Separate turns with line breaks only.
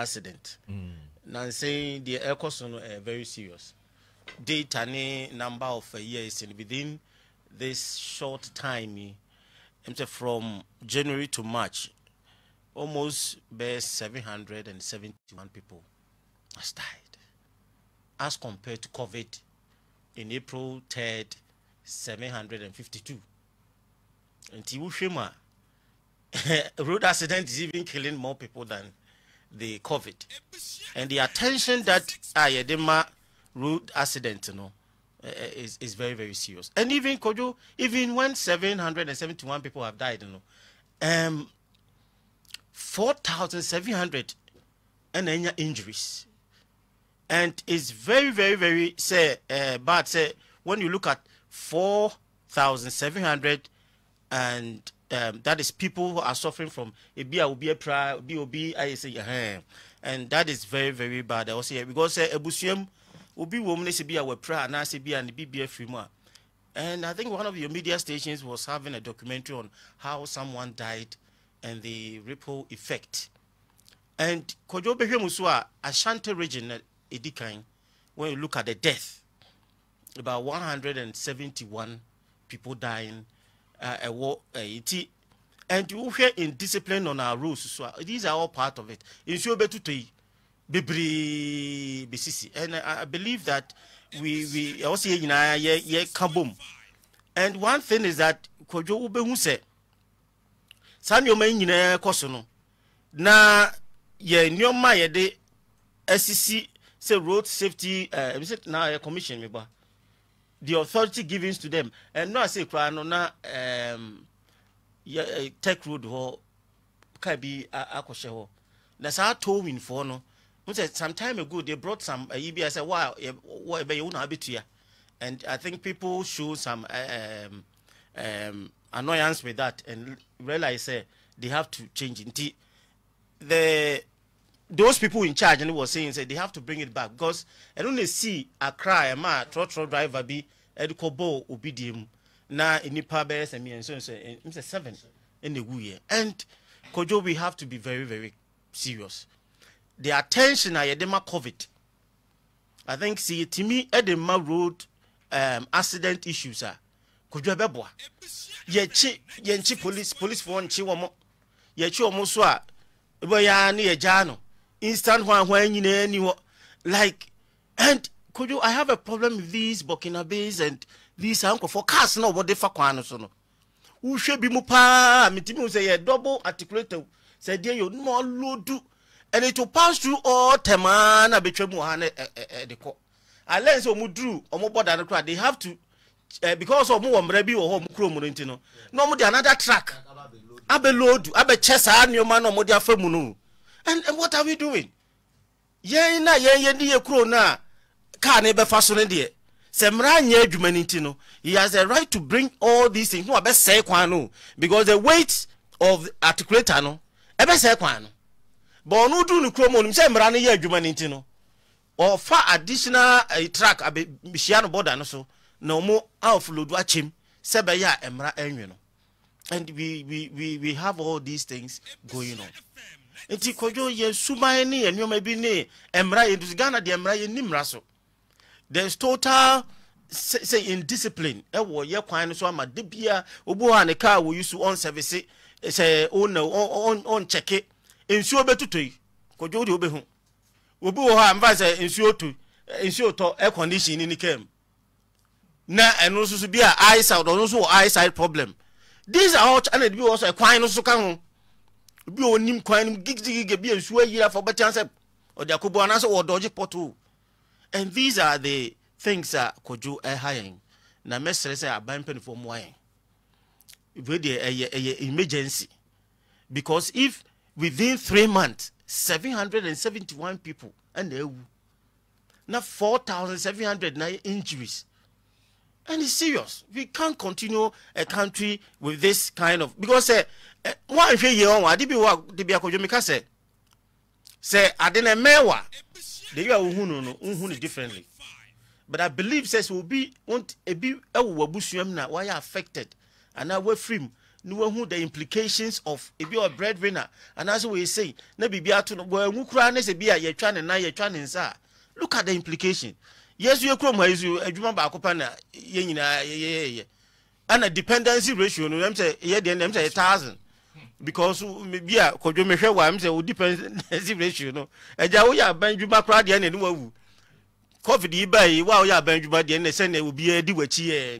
accident mm. nansɛn deɛ ɛrekɔ so no very serious data ne number of uh, years and within this short time from january to march almost bare 771 people has died as compared to covid in april 3rd 752 And wohwɛ mu road accident is even killing more people than the covid and the attention that Ayedema road accident know eh, eh, is is very very serious and even kojo even when seven hundred and seventy one people have died know, um four thousand seven hundred ɛna enya injuries and it's very very very say uh, bad say when you look at four thousand seven hundred and um, that is people who are suffering from a B pra say and that is very very bad. I was here because eh, a will be woman say be pra and I say and And I think one of your media stations was having a documentary on how someone died and the ripple effect. And Kojo Behwemusua, Ashanti region, eh, Edikan, when you look at the death, about 171 people dying ɛwɔ ɛyi ti and wohwɛ indiscipline on our rules so uh, these are all part of it nsuo bɛtutɔ yi bebree besisi and i believe that we we ɛwɔ sɛ yɛ nyinaa yɛ yɛ ka bom and one thing is that kwadwo wobɛhu sɛ saa nneɛma yi nyinaa kɔ so no na yɛ nneɛma a yɛde asisi sɛ road safety ɛɛ uh, eh, na yɛ eh, commission mi ba. the authority given to them and ase I no na um, eh, tech road hɔ can be akɔhyɛ hɔ na saa towinfoɔ no some time ago they brought some ayi eh, I said, Wow, you want to habit here, and i think people show some eh, um, um, annoyance with that and realize uh, they have to change Indeed, the those people in charge and were saying say they have to bring it back because I don't see Accra ẹ ma trotro driver bi ẹdi kọ bọ obi di mu na nipa bẹyẹ sẹ miyẹn e, nso nso ẹ n sẹ seven in the yẹ and kojo we have to be very very serious the attention a yɛde covid I think see timi ɛde ma road um, accident issues a kojo ɛbɛ bọ a yɛkyi yɛnkyi police police fo nkyi wɔn yɛkyi wɔn so a ebe ya ne yɛ gya no instant hwanhwan nyinaa ni hɔ like and kojo i have a problem with these burkinabes and these ankorɔfoɔ cars na wɔde fa kwan no so no wohwɛ bi mu paa metimi hu sɛ yɛ double articulator sɛ deɛ yɛ onuma ɔlodu and it will pass through all tamaa na betwa mu ha na ɛde kɔ i learn sɛ ɔmo duru ɔmo bɔda no koraa they have to uh, because ɔmo wɔ mmerɛ bi wɔ hɔ ɔmo kuro mu no nti no na ɔmo de another track abɛ lodu abɛ kyɛ saa nneɛma na ɔmo de afa mu no and, and what are we doing yɛn na yɛn yɛ di yɛ kuro na kaa ne bɛfa so ne deɛ sɛ mmara nyɛ adwuma ne ti no he has the right to bring all these things no abɛsɛe kwan no because the weight of the articulator no ɛbɛsɛe kwan no but ɔno duru ne kurom onim sɛ mmara no yɛ adwuma ne ti no ɔfa additional uh, track abɛhyia no border no so na ɔmo aflodo akyɛm sɛ bɛyɛ a mmara ɛnwe no and we, we, we, we have all these things going on nti kɔdwo yɛ suban ne yɛ nneɛma bi ne mmara yɛ ntutu ghana deɛ mmara yɛ ni mmara so there is total say indiscipline ɛwɔ yɛ kwan no so ama de bia obi hɔ a ne kaa wɔyi so ɔnsɛbese sɛ ɔna ɔnkyɛke nsuo bɛtotɔ yi kɔdwo de wobɛhu obi wɔ hɔ a mfa sɛ nsuo to eh, nsuo tɔ air condition ni ne kam na ɛno nso so bi a eyesight ɔno nso wɔ eyesight problem these are all channel bi wɔ so ɛkwan no so ka ho ebi onim kwan no gigigigi ebi nsuo ayi afɔ bɛtɛ sɛ ɔde akobo anaasɛ wɔdɔgye pɔtɔ and these are the things a kɔdwo ɛha yɛn na mɛsrɛ sɛ aban mpanimfoɔ mmoa yɛn ebi deɛ ɛyɛ ɛyɛ emergency because if within three months seven hundred and seventy one people ɛna ewu na four thousand seven hundred na injuries and it's serious we can't continue a country with this kind of because wọn eh, ahwẹ eh, yie wọn adi bi wọ adi bi akɔdwo mika sɛ Say, adi na mɛwa They are a ohun no no ohun it differently but i believe sɛ sɛ obi ebi ɛwɔ wabusua mu na wayɛ affected anaa wafiri mu na wahu the implications of ebi eh, ɔ breadwinner anaasɛ wɔyɛ sei na biribi ato no wɔn enwu koraa ne sɛ bi a yɛtwa ne nan yɛtwa ne nsa look at the implication yesu yɛ kurom ha yi so adwuma baako pa na yɛ nyinaa yɛyɛyɛ ana dependency ratio no ɛm sɛ yɛ deɛ no ɛm sɛ yɛ thousand because bi a kɔdwo mehwɛ wɔ ɛm sɛ wo dependency ratio no agya woyɛ aban dwuma koraa deɛ na ɛne wawu covid yi baa yi wo a woyɛ aban dwuma deɛ na sɛnea obiara di w'akyi yɛ